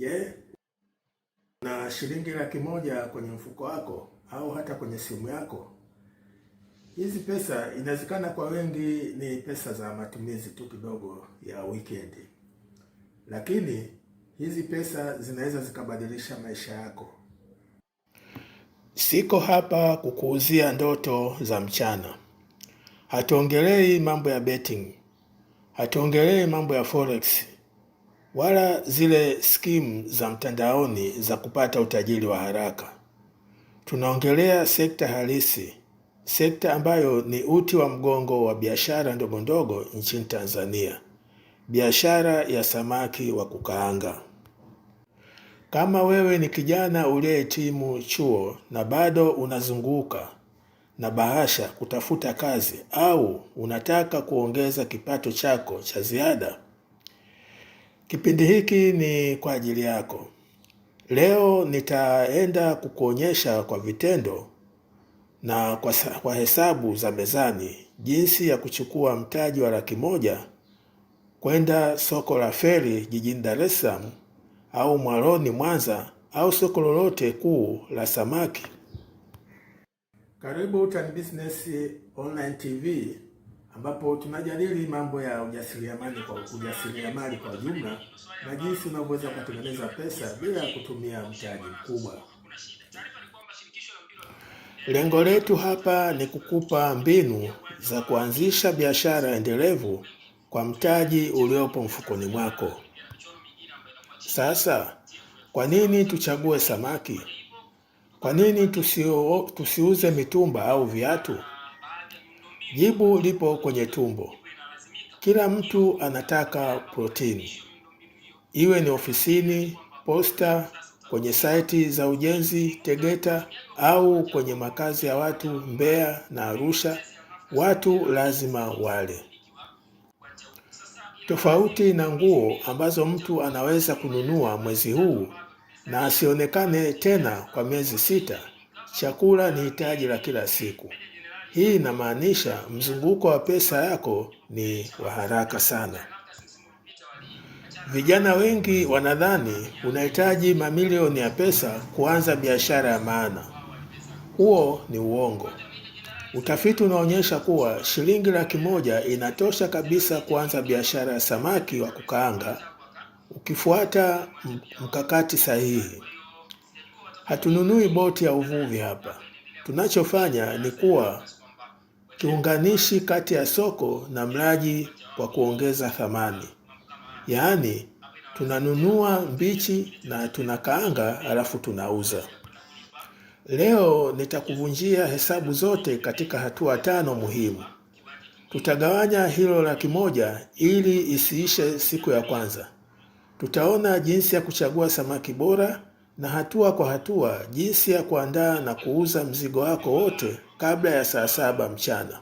Je, na shilingi laki moja kwenye mfuko wako au hata kwenye simu yako? Hizi pesa inawezekana kwa wengi ni pesa za matumizi tu kidogo ya weekend, lakini hizi pesa zinaweza zikabadilisha maisha yako. Siko hapa kukuuzia ndoto za mchana. Hatuongelei mambo ya betting, hatuongelei mambo ya forex wala zile skimu za mtandaoni za kupata utajiri wa haraka. Tunaongelea sekta halisi, sekta ambayo ni uti wa mgongo wa biashara ndogondogo nchini Tanzania, biashara ya samaki wa kukaanga. Kama wewe ni kijana uliyehitimu chuo na bado unazunguka na bahasha kutafuta kazi au unataka kuongeza kipato chako cha ziada, Kipindi hiki ni kwa ajili yako. Leo nitaenda kukuonyesha kwa vitendo na kwa, kwa hesabu za mezani jinsi ya kuchukua mtaji wa laki moja kwenda soko la Feri jijini Dar es Salaam au Mwaloni Mwanza au soko lolote kuu la samaki. Karibu Tan Business Online TV ambapo tunajadili mambo ya ujasiriamali kwa ujasiriamali kwa ujumla na jinsi unavyoweza kutengeneza pesa bila kutumia mtaji mkubwa. Lengo letu hapa ni kukupa mbinu za kuanzisha biashara endelevu kwa mtaji uliopo mfukoni mwako. Sasa, kwa nini tuchague samaki? Kwa nini tusiuze mitumba au viatu? Jibu lipo kwenye tumbo. Kila mtu anataka protini, iwe ni ofisini, posta, kwenye saiti za ujenzi Tegeta, au kwenye makazi ya watu Mbeya na Arusha. Watu lazima wale. Tofauti na nguo ambazo mtu anaweza kununua mwezi huu na asionekane tena kwa miezi sita, chakula ni hitaji la kila siku. Hii inamaanisha mzunguko wa pesa yako ni wa haraka sana. Vijana wengi wanadhani unahitaji mamilioni ya pesa kuanza biashara ya maana. Huo ni uongo. Utafiti unaonyesha kuwa shilingi laki moja inatosha kabisa kuanza biashara ya samaki wa kukaanga ukifuata mkakati sahihi. Hatununui boti ya uvuvi hapa. Tunachofanya ni kuwa kiunganishi kati ya soko na mlaji kwa kuongeza thamani, yaani tunanunua mbichi na tunakaanga alafu tunauza. Leo nitakuvunjia hesabu zote katika hatua tano muhimu. Tutagawanya hilo laki moja ili isiishe siku ya kwanza. Tutaona jinsi ya kuchagua samaki bora na hatua kwa hatua jinsi ya kuandaa na kuuza mzigo wako wote kabla ya saa saba mchana.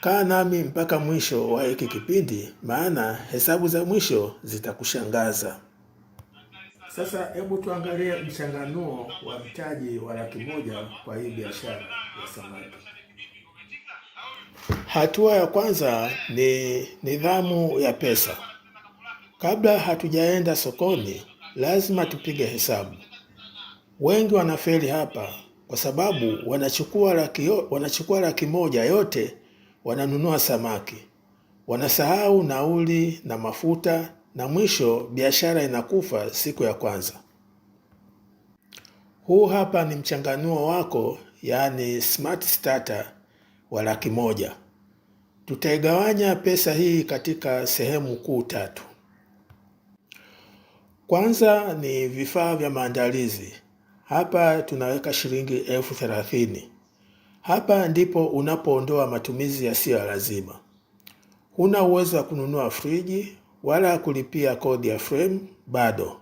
Kaa nami mpaka mwisho wa hiki kipindi, maana hesabu za mwisho zitakushangaza. Sasa hebu tuangalie mchanganuo wa mtaji wa laki moja kwa hii biashara ya samaki. Hatua ya kwanza ni nidhamu ya pesa. Kabla hatujaenda sokoni, lazima tupige hesabu. Wengi wanafeli hapa, kwa sababu wanachukua laki, wanachukua laki moja yote wananunua samaki, wanasahau nauli na mafuta, na mwisho biashara inakufa siku ya kwanza. Huu hapa ni mchanganuo wako, yaani smart starter wa laki moja. Tutaigawanya pesa hii katika sehemu kuu tatu. Kwanza ni vifaa vya maandalizi. Hapa tunaweka shilingi elfu thelathini. Hapa ndipo unapoondoa matumizi yasiyo ya lazima. Huna uwezo wa kununua friji wala kulipia kodi ya frame bado.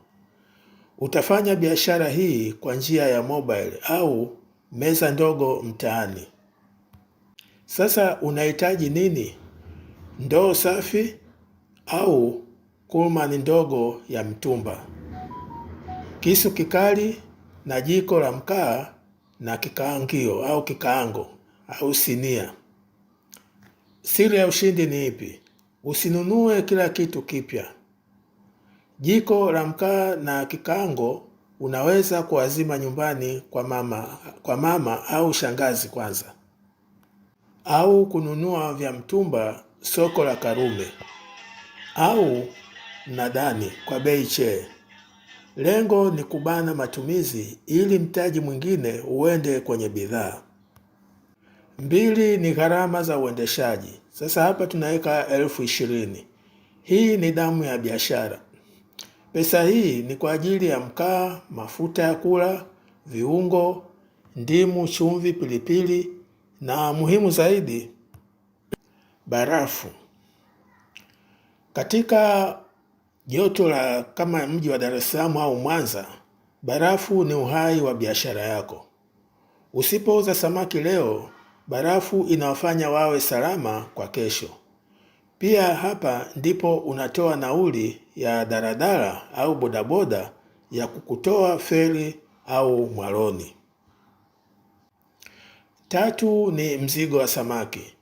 Utafanya biashara hii kwa njia ya mobile au meza ndogo mtaani. Sasa unahitaji nini? Ndoo safi au kulmani ndogo ya mtumba, kisu kikali na jiko la mkaa na kikaangio au kikaango au sinia. Siri ya ushindi ni ipi? Usinunue kila kitu kipya. Jiko la mkaa na kikaango unaweza kuazima nyumbani kwa mama, kwa mama au shangazi kwanza, au kununua vya mtumba soko la Karume au mnadani kwa bei chee. Lengo ni kubana matumizi ili mtaji mwingine uende kwenye bidhaa. Mbili ni gharama za uendeshaji. Sasa hapa tunaweka elfu ishirini. Hii ni damu ya biashara. Pesa hii ni kwa ajili ya mkaa, mafuta ya kula, viungo, ndimu, chumvi, pilipili na muhimu zaidi barafu. Katika joto la kama mji wa Dar es Salaam au Mwanza, barafu ni uhai wa biashara yako. Usipouza samaki leo, barafu inawafanya wawe salama kwa kesho. Pia hapa ndipo unatoa nauli ya daladala au bodaboda ya kukutoa feri au mwaloni. Tatu ni mzigo wa samaki.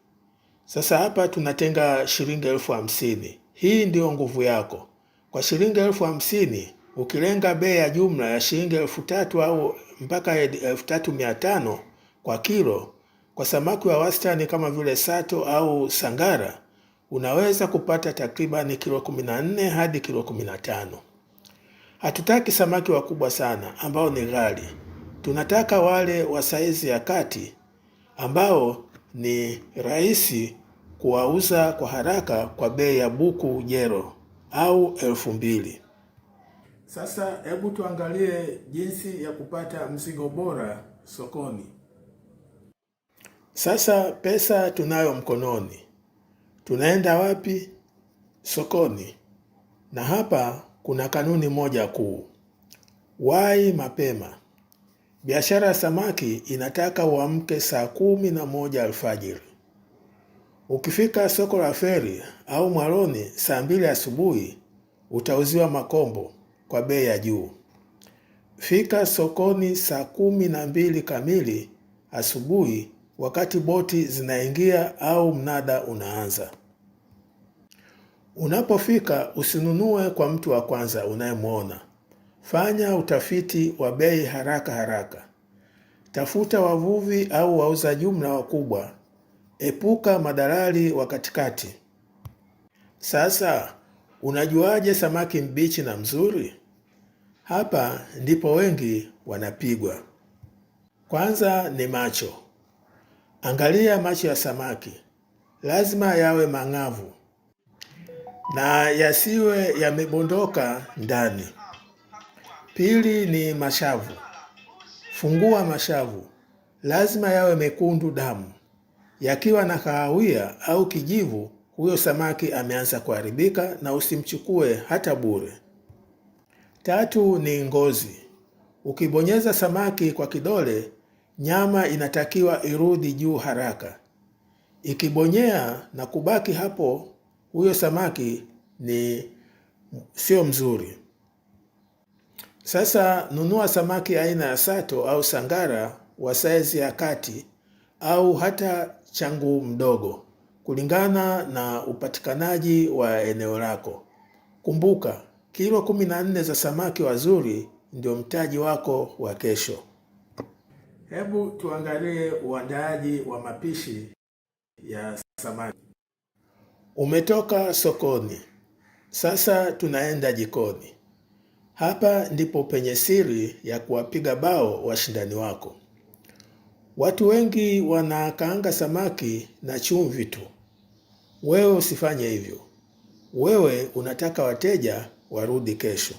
Sasa hapa tunatenga shilingi elfu hamsini. Hii ndiyo nguvu yako. Kwa shilingi elfu hamsini ukilenga bei ya jumla ya shilingi elfu tatu au mpaka elfu tatu mia tano kwa kilo kwa samaki wa wastani kama vile sato au sangara unaweza kupata takribani kilo 14 hadi kilo 15. Hatutaki samaki wakubwa sana ambao ni ghali. Tunataka wale wa saizi ya kati ambao ni rahisi kuwauza kwa haraka kwa bei ya buku jero au elfu mbili. Sasa hebu tuangalie jinsi ya kupata mzigo bora sokoni. Sasa pesa tunayo mkononi, tunaenda wapi? Sokoni. Na hapa kuna kanuni moja kuu, wai mapema. Biashara ya samaki inataka uamke saa kumi na moja alfajiri. Ukifika soko la Feri au Mwaloni saa mbili asubuhi utauziwa makombo kwa bei ya juu. Fika sokoni saa kumi na mbili kamili asubuhi, wakati boti zinaingia au mnada unaanza. Unapofika usinunue kwa mtu wa kwanza unayemwona. Fanya utafiti wa bei haraka haraka. Tafuta wavuvi au wauza jumla wakubwa Epuka madalali wa katikati. Sasa unajuaje samaki mbichi na mzuri? Hapa ndipo wengi wanapigwa. Kwanza ni macho. Angalia macho ya samaki, lazima yawe mang'avu na yasiwe yamebondoka ndani. Pili ni mashavu. Fungua mashavu, lazima yawe mekundu damu. Yakiwa na kahawia au kijivu, huyo samaki ameanza kuharibika na usimchukue hata bure. Tatu ni ngozi. Ukibonyeza samaki kwa kidole, nyama inatakiwa irudi juu haraka. Ikibonyea na kubaki hapo, huyo samaki ni sio mzuri. Sasa nunua samaki aina ya sato au sangara wa saizi ya kati au hata changu mdogo kulingana na upatikanaji wa eneo lako. Kumbuka, kilo kumi na nne za samaki wazuri ndio mtaji wako wa kesho. Hebu tuangalie uandaaji wa mapishi ya samaki. Umetoka sokoni, sasa tunaenda jikoni. Hapa ndipo penye siri ya kuwapiga bao washindani wako. Watu wengi wanakaanga samaki na chumvi tu. Wewe usifanye hivyo. Wewe unataka wateja warudi kesho.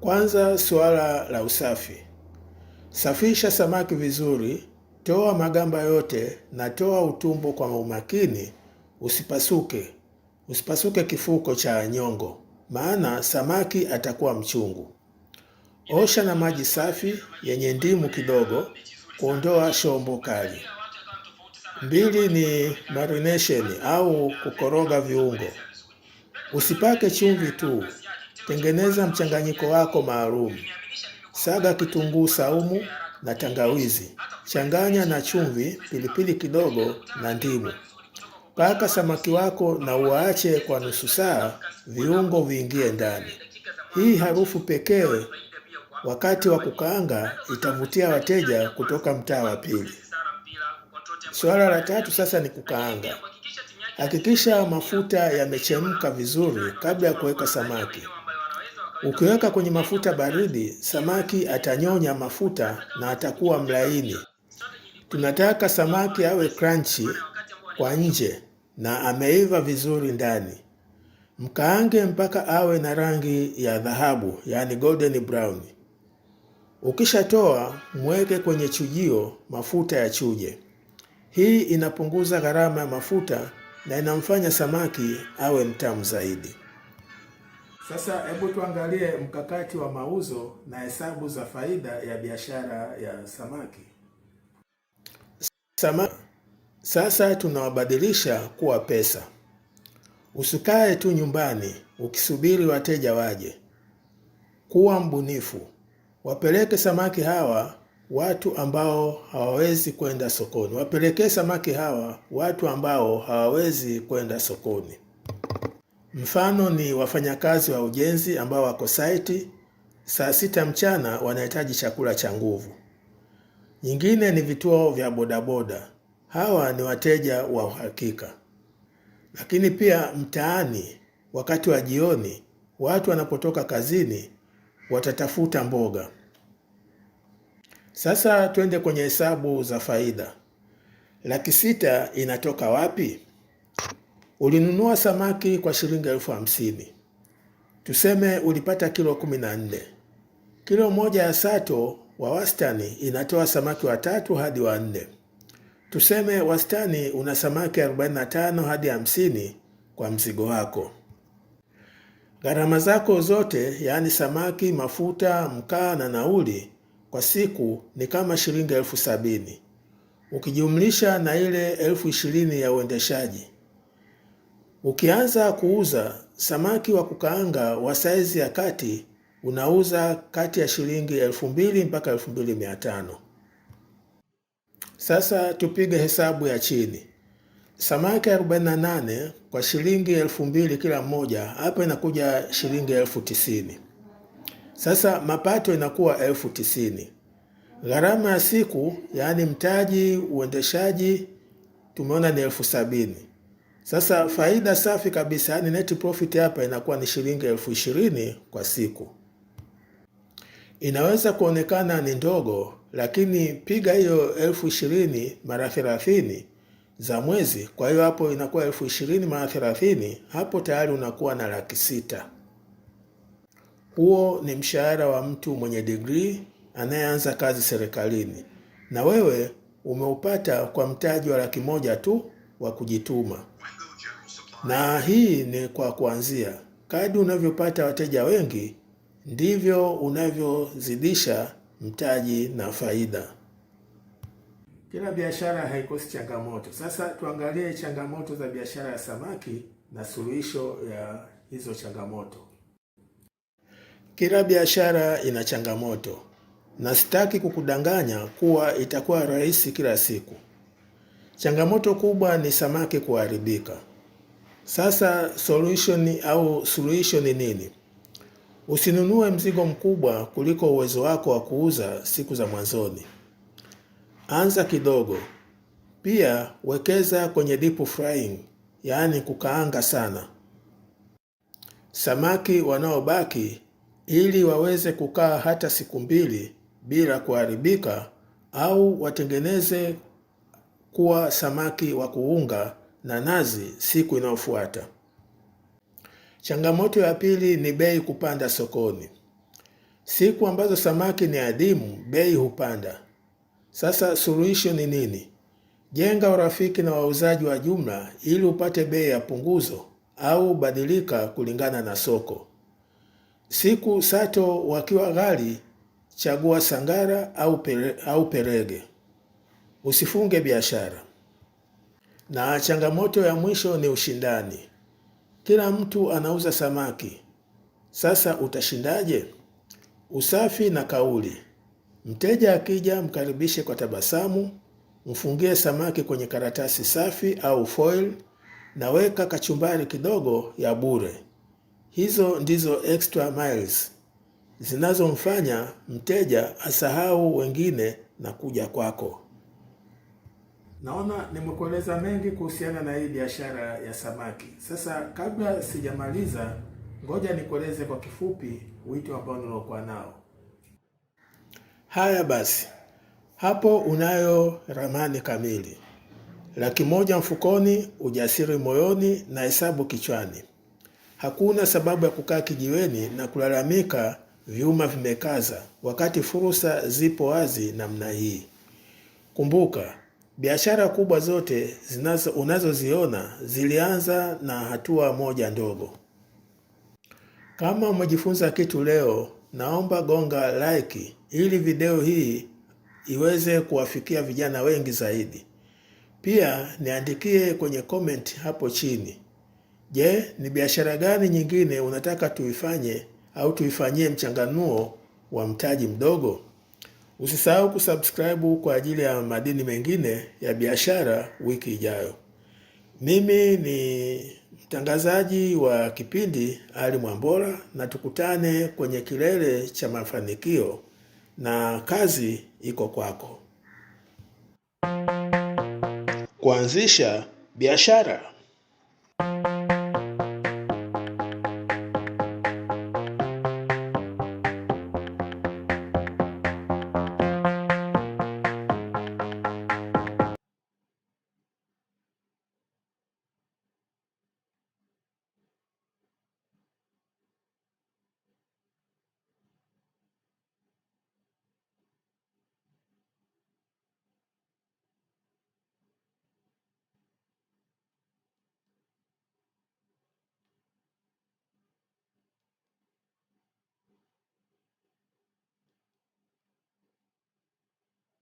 Kwanza, suala la usafi. Safisha samaki vizuri, toa magamba yote na toa utumbo kwa umakini, usipasuke. Usipasuke kifuko cha nyongo, maana samaki atakuwa mchungu. Osha na maji safi yenye ndimu kidogo kuondoa shombo kali. Mbili ni marination au kukoroga viungo. Usipake chumvi tu, tengeneza mchanganyiko wako maalum. Saga kitunguu saumu na tangawizi, changanya na chumvi, pilipili kidogo na ndimu. Paka samaki wako na uwaache kwa nusu saa viungo viingie ndani. Hii harufu pekee wakati wa kukaanga itavutia wateja kutoka mtaa wa pili. Suala la tatu sasa ni kukaanga. Hakikisha mafuta yamechemka vizuri kabla ya kuweka samaki. Ukiweka kwenye mafuta baridi, samaki atanyonya mafuta na atakuwa mlaini. Tunataka samaki awe crunchy kwa nje na ameiva vizuri ndani. Mkaange mpaka awe na rangi ya dhahabu, yaani golden brown. Ukishatoa mweke kwenye chujio mafuta ya chuje. Hii inapunguza gharama ya mafuta na inamfanya samaki awe mtamu zaidi. Sasa hebu tuangalie mkakati wa mauzo na hesabu za faida ya biashara ya samaki. Sama, sasa tunawabadilisha kuwa pesa. Usikae tu nyumbani ukisubiri wateja waje. Kuwa mbunifu wapeleke samaki hawa watu ambao hawawezi kwenda sokoni, wapelekee samaki hawa watu ambao hawawezi kwenda sokoni. Mfano ni wafanyakazi wa ujenzi ambao wako saiti saa sita mchana, wanahitaji chakula cha nguvu. Nyingine ni vituo vya bodaboda, hawa ni wateja wa uhakika. Lakini pia mtaani, wakati wa jioni, watu wanapotoka kazini watatafuta mboga. Sasa twende kwenye hesabu za faida. Laki sita inatoka wapi? Ulinunua samaki kwa shilingi elfu hamsini. Tuseme ulipata kilo kumi na nne. Kilo moja ya sato wa wastani inatoa samaki watatu hadi wanne. Tuseme wastani una samaki 45 hadi 50 kwa mzigo wako. Gharama zako zote, yaani samaki, mafuta, mkaa na nauli kwa siku ni kama shilingi elfu sabini ukijumlisha na ile elfu ishirini ya uendeshaji. Ukianza kuuza samaki wa kukaanga wa saizi ya kati unauza kati ya shilingi elfu mbili mpaka elfu mbili mia tano. Sasa tupige hesabu ya chini samaki 48 kwa shilingi elfu mbili kila mmoja, hapa inakuja shilingi elfu tisini. Sasa mapato inakuwa elfu tisini. Gharama ya siku yaani mtaji, uendeshaji tumeona ni elfu sabini. Sasa faida safi kabisa yaani net profit hapa inakuwa ni shilingi elfu ishirini kwa siku. Inaweza kuonekana ni ndogo, lakini piga hiyo elfu ishirini mara thelathini za mwezi. Kwa hiyo hapo inakuwa elfu ishirini mara thelathini, hapo tayari unakuwa na laki sita. Huo ni mshahara wa mtu mwenye digrii anayeanza kazi serikalini, na wewe umeupata kwa mtaji wa laki moja tu wa kujituma. Na hii ni kwa kuanzia. kadi unavyopata wateja wengi, ndivyo unavyozidisha mtaji na faida. Kila biashara haikosi changamoto. Sasa tuangalie changamoto za biashara ya samaki na suluhisho ya hizo changamoto. Kila biashara ina changamoto, na sitaki kukudanganya kuwa itakuwa rahisi kila siku. Changamoto kubwa ni samaki kuharibika. Sasa solution au suluhisho ni nini? Usinunue mzigo mkubwa kuliko uwezo wako wa kuuza siku za mwanzoni anza kidogo. Pia wekeza kwenye deep frying, yaani kukaanga sana samaki wanaobaki ili waweze kukaa hata siku mbili bila kuharibika, au watengeneze kuwa samaki wa kuunga na nazi siku inayofuata. Changamoto ya pili ni bei kupanda sokoni. Siku ambazo samaki ni adimu, bei hupanda, sasa suluhisho ni nini? Jenga urafiki na wauzaji wa jumla ili upate bei ya punguzo au badilika kulingana na soko. Siku sato wakiwa ghali, chagua Sangara au pere, au Perege. Usifunge biashara. Na changamoto ya mwisho ni ushindani. Kila mtu anauza samaki. Sasa utashindaje? Usafi na kauli. Mteja akija, mkaribishe kwa tabasamu, mfungie samaki kwenye karatasi safi au foil na weka kachumbari kidogo ya bure. Hizo ndizo extra miles zinazomfanya mteja asahau wengine na kuja kwako. Naona nimekueleza mengi kuhusiana na hii biashara ya samaki. Sasa kabla sijamaliza, ngoja nikueleze kwa kifupi wito ambao niliokuwa nao. Haya basi, hapo unayo ramani kamili: laki moja mfukoni, ujasiri moyoni na hesabu kichwani. Hakuna sababu ya kukaa kijiweni na kulalamika vyuma vimekaza, wakati fursa zipo wazi namna hii. Kumbuka, biashara kubwa zote zinazo unazoziona zilianza na hatua moja ndogo. Kama umejifunza kitu leo Naomba gonga like ili video hii iweze kuwafikia vijana wengi zaidi. Pia niandikie kwenye comment hapo chini. Je, ni biashara gani nyingine unataka tuifanye au tuifanyie mchanganuo wa mtaji mdogo? Usisahau kusubscribe kwa ajili ya madini mengine ya biashara wiki ijayo. Mimi ni mtangazaji wa kipindi Ali Mwambola, na tukutane kwenye kilele cha mafanikio, na kazi iko kwako. Kuanzisha biashara.